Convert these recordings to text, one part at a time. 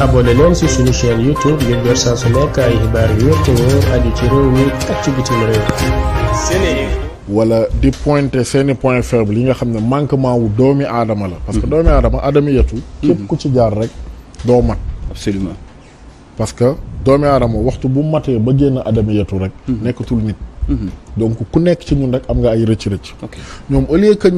abonné leen ci suñu chaîne YouTube ngir yu wér te wóor aju ci ci bitim di pointer seeni point faible yi nga xam ne manquement wu doomi aadama la parce que mm-hmm. doomi aadama aadama yetu mm-hmm. képp ku ci jaar rek doo mat parce que doomi aadama waxtu bu matee ba génn aadama rek mm-hmm. nekkatul nit donc ku nekk ci ñun rek am nga ay rëcc-rëcc ñoom au lieu que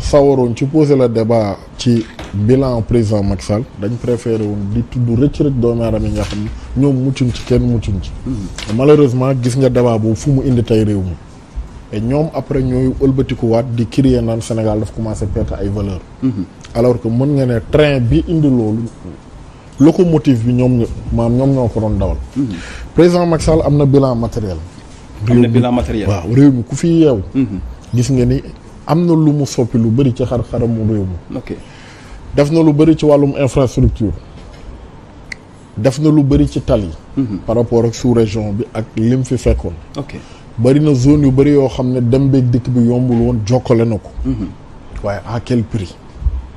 sawaroon ci poser la débat ci bilan président Macky Sall dañ préféré woon di tudd rëcc rëcc doomu aadama yi nga xam ne ñoom muccuñ ci kenn muccuñ ci. Mhm. malheureusement gis nga débat boobu fu mu indi tey réew mi. et ñoom après ñooy ëlbatikuwaat di crier naan Sénégal daf commencé perte ay valeur mhm. alors que mën nga ne train bi indi loolu locomotive bi ñoom maam ñoom ñoo ko doon dawal. Mhm. président Macky am na bilan matériel. am na bilan matériel waaw réew mi ku fi yeew. gis am na lu mu soppi lu bëri ci xar-xaramu réew mi. ok def na lu bëri ci wàllum infrastructure def na lu bëri ci tali. Mhm. par rapport ak sous région bi ak lim fi fekkoon. ok bëri na zone yu bëri yoo xam ne dem beeg dikk bi yombul woon jokkale na ko. Mhm. waaye à quel prix.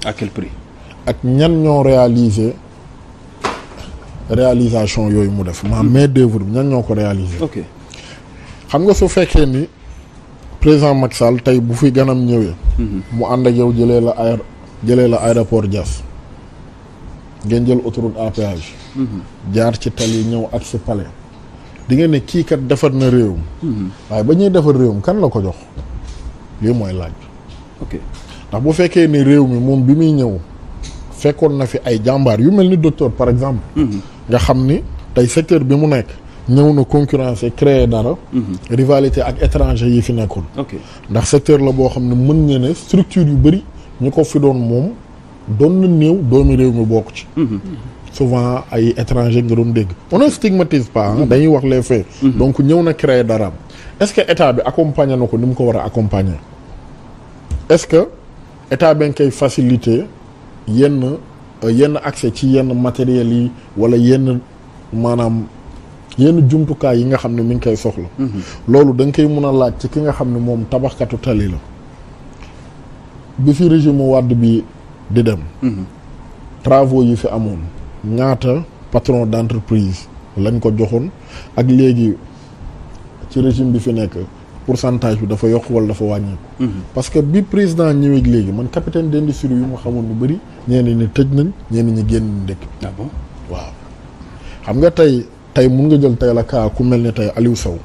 à quel prix. ak ñan ñoo réaliser réalisation yooyu mu def. maanaam mhm. mais d'œuvre bi ñan ñoo ko réaliser. ok xam nga su fekkee ni. président Macky tey bu fi ganam ñëwee. Mhm. mu ànd ak yow jëlee la aéro jëlee la aéroport Diass. ngeen jël autoroute à mhm. jaar ci tali ñëw ak si pale di ngeen ne kii defar na réewum. Mhm. waaye ba ñuy defar réewum kan la ko jox. lii mooy laaj. ok ndax bu fekkee ni réew mi moom bi muy ñëw. fekkoon na fi ay jàmbaar yu mel ni docteur par exemple. nga xam ni tey secteur bi mu nekk. ñëw na concurrencer créer dara. Mhm. rivalité ak étranger yi fi nekkoon. ndax secteur la boo xam ne mën nga ne structure yu bëri ñu ko fi doon moom doon na néew doomi réew mi bokk ci. Mhm. souvent ay étranger nga doon dégg. on ne stigmatise pas mhm. dañuy wax les faits. donc ñëw na créer dara est-ce que état bi accompagner na ko ni mu ko war a accompagner. est-ce que état bi nga koy faciliter yenn euh, yenn accès ci yenn matériels yi wala yenn maanaam. yenn jumtukaay yi nga xam ne mu ngi koy soxla. Mhm. loolu danga koy mun a laaj ci ki nga xam ne moom tabaxkatu tali la bi fi régime wàdd bi di dem. Mhm. travaux yi fi amoon ñaata patron d'entreprise lañ ko joxoon ak léegi ci régime bi fi nekk pour pourcentage bi dafa yokk wala dafa wàññeeku. Mhm. parce que bi président ñëwee léegi man capitaine d'industrie yu mu xamoon lu bëri. ñenn ñi tëj nañ ñenn ñi génn ndekk. d'accord ah waaw xam nga tey. tey mun nga jël tey la kaa ku mel ne tey Aliou Sow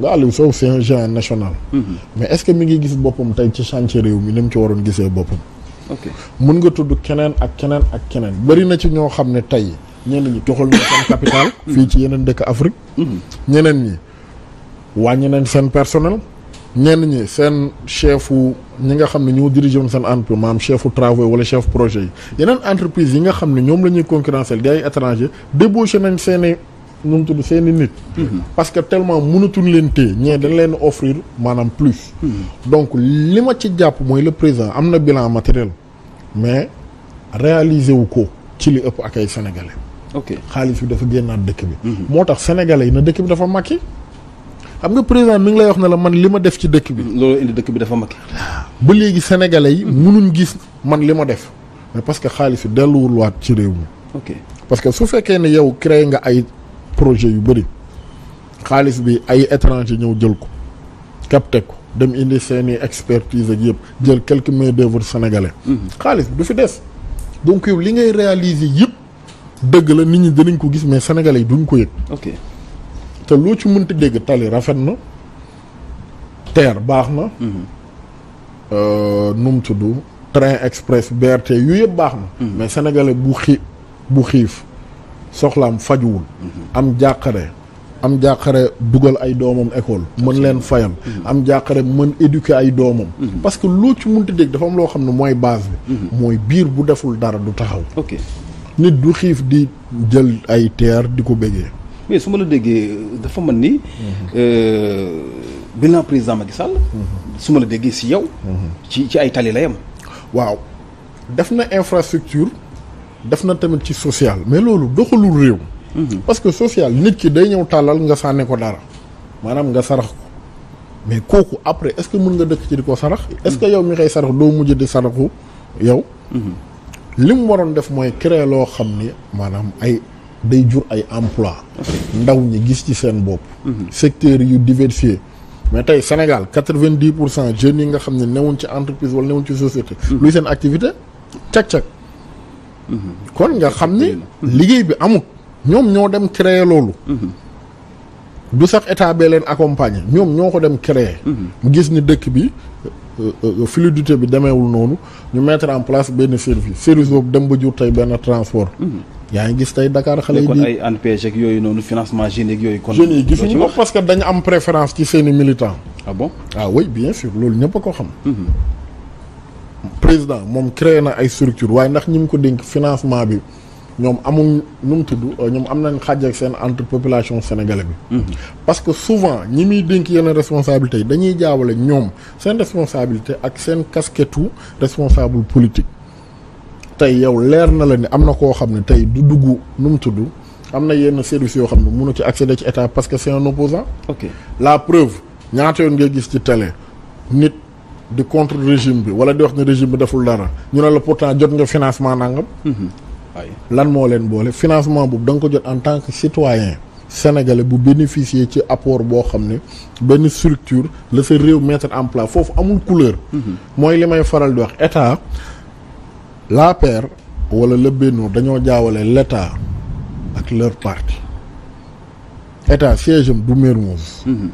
nga Aliou Sow c'est un national. Mhm. mais est-ce que mi ngi gis boppam tey ci chantier réew mi ni mu ci waroon gisee boppam. ok mun nga tudd keneen ak keneen ak keneen bëri na ci ñoo xam ne tey ñenn ñi toxal na seen capital. fii ci yeneen dëkk Afrique. Mhm. ñeneen ñi wàññi nañ seen personnel. ñenn ñi seen chefu ñi nga xam ni ñoo dirigé woon seen entreprise maanaam chefu travaux wala chef projet yi yeneen entreprise yi nga xam ne ñoom la ñuy concurrencer di ay étranger débauché seen nu mu tudd seen i nit. Mhm. parce que tellement mënatuñ leen téye ñee dañ leen offrir maanaam plus. Mhm. donc li ma ci jàpp mooy le président am na bilan matériel mais réaliser wu ko ci li ëpp ak ay sénégalais. ok xaalis bi dafa génnaat dëkk bi. Mhm. moo tax sénégalais yi na dëkk bi dafa màkki. xam nga président mi ngi lay wax ne la man li ma def ci dëkk bi. loolu indi dëkk bi dafa màkki. ba léegi sénégalais yi. mënuñ gis man li ma def. mais parce que xaalis bi delluwul waat ci réew mi. ok parce que su fekkee ne yow créé nga ay. projet yu bëri xaalis bi ay étranger ñëw jël ko capté ko dem indi seeni expertise ak yëpp jël quelques main d'œuvre sénégalais. Mhm. xaalis bi du fi des. donc yow li ngay réaliser yëpp dëgg la nit ñi dinañ ko gis mais sénégalais yi duñ ko yëg. ok te loo ci mënti dégg tali rafet na terre baax na. Mhm. Euh, nu mu tudd train express BRT yu yëpp baax na. Mhm. mais sénégalais bu xi bu xiif. soxlaam fajuwul am jàqare am jàqare dugal ay doomam école mën leen fayal am jàqare mën éduquer ay doomam parce que loo ci munti dégg dafa am loo xam ne mooy base bi mooy biir bu deful dara du taxaw ok nit du xiif di jël ay teer di ko bégee mais su ma la déggee dafa mën ni mhm. euh, bilan président Macky Sall mhm. su ma la déggee si yow mhm. ci ay tali la waaw def na infrastructure def na tamit ci social mais loolu doxalul réew. Mhm. parce que social nit ki day ñëw tàllal nga sànne ko dara maanaam nga sarax ko mais kooku après est-ce que mën nga dëkk ci di ko sarax. est-ce que mhm. yow mi koy sarax doo mujj di saraxu yow. Mhm. li mu waroon def mooy créer loo xam ni maanaam ay day jur ay emploi ndaw ñi gis ci seen bopp. secteurs yu diversifié. mais tey Sénégal quatre-vingt-dix pour cent jeune yi nga xam ne newuñ ci entreprise wala newuñ ci société. luy seen activité cag kon nga xam ne liggéey bi amut ñoom ñoo dem créer loolu mhm. du sax état bee leen accompagner ñoom ñoo ko dem créer mhm. gis ni dëkk bi euh, euh, euh, fluidité bi demeewul noonu ñu mettre en place benn service service boobu dem ba jur tey benn transport mhm. yaa ngi gis tey Dakar xale yi. kon ay yooyu noonu financement jeunes yooyu. kon jeunes yi gisuñu dañu am préférence ci seeni militants. ah bon ah bien sûr loolu ñëpp a ko xam. président moom créé na ay structure waaye ndax ñi mu ko dénk financement bi ñoom amul nu mu tudd euh, ñoom am nañ xàjj ak seen entre population sénégalaise bi. Mm-hmm. parce que souvent ñi muy dénk yenn responsabilité yi dañuy jaawale ñoom seen responsabilité ak seen casquettu responsable politique. tey yow leer na la ni am na koo xam ne tey du dugg nu mu tudd am na yenn services yoo xam ne mënu ci accéder ci état parce que c'est un opposant ok la preuve ñaata yoon ngay gis ci télé nit. di contre régime bi wala di wax ne régime bi deful dara ñu ne la pourtant jot nga financement nangam. Mhm. lan moo leen boole financement boobu da nga ko jot en tant que citoyen sénégalais bu bénéficier ci apport boo xam ne benn structure la sa réew mettre en place foofu amul couleur. Mhm. mooy li may faral di wax état l'APR wala le Benno dañoo jaawale l'état ak leur parti état siège am du Mermoz mhm.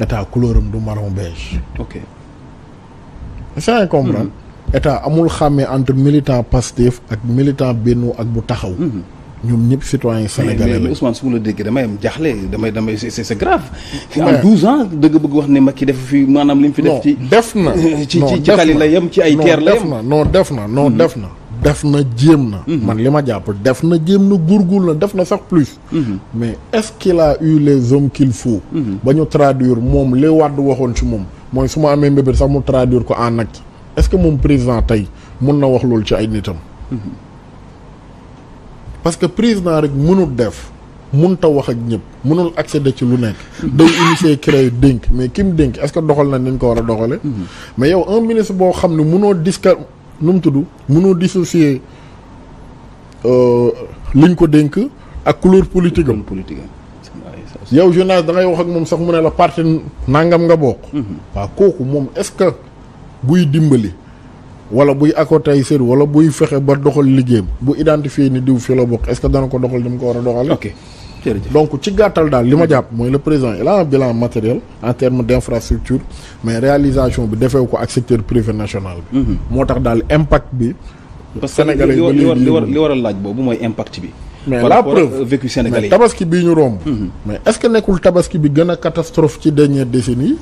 état couleur du marron yaa ngi comprendre état amul xàmmee entre militant Pastef ak militant Benno ak bu taxaw. Mm-hmm. ñoom ñëpp citoyen sénégalais la mais Ousmane su ma la déggee damay am jaaxle damay damay c'est c'est grave. en 12 ans dëgg bëgg wax ni ne Macky def fi maanaam li mu fi def. ci def na ci ci ci la yem ci ay. guerre la yem non def na no mm-hmm. def na. def na jéem na. Mhm. man li ma jàpp def na jéem na gurgul na def na sax plus. Mhm. mais est-ce eu les hommes qu'il faut. Mhm. ba ñu traduire moom li Wade waxoon ci moom mooy su ma amee mbébét sax mu traduire ko en acte est-ce que moom président tey mun na wax loolu ci ay nitam. parce que président rek mënul def. munta wax ak ñëpp mënul accéder ci lu nekk. day initier créer dénk mais kim dénk est que doxal na ni ñu ko war a doxalee. mais yow un ministre boo xam ne munoo discar nu mu tudd mënoo dissocier euh, liñ ko dénk ak couleur politique yow jeunesse da wax ak moom sax mu ne la parti nangam nga bokk. Mhm. waaw kooku moom est-ce que buy dimbali. wala buy accorté ay sër wala buy fexe ba doxal liggéeyam bu identifié ni diw fi la bokk est-ce que dana ko doxal ni mu ko war a doxal donc ci gàttal daal li ma jàpp mooy le président il a un bilan matériel en termes d' infrastructure réalisation bi defew ko ak secteur privé national bi mhm. moo tax daal impact bi sénégalais li war li war a laaj boobu mooy impact bi mais la preuve vécu sénégalais mais tabaski bii ñu romb mhm. mais est ce que nekkul tabaski bi gën a catastrophe ci dernière décennie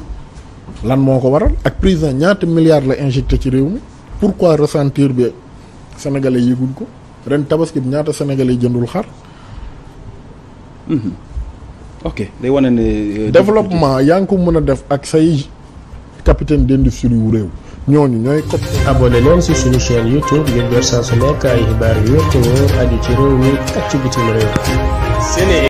lan moo ko waral ak président ñaata milliards la injecté ci réew mi pourquoi ressentir bi sénégalais yëguñ ko ren tabaski bi ñaata sénégalais jëndul xar Mm-hmm. ok day wane ne. Euh, développement yaa ngi ko mën a def ak say capitaine d'industrie wu réew ñooñu ñooy cop. abonné si suñu chaîne YouTube ngir jot saa xibaar yu wér te wóor aju ci réew mi ak ci bitim réew.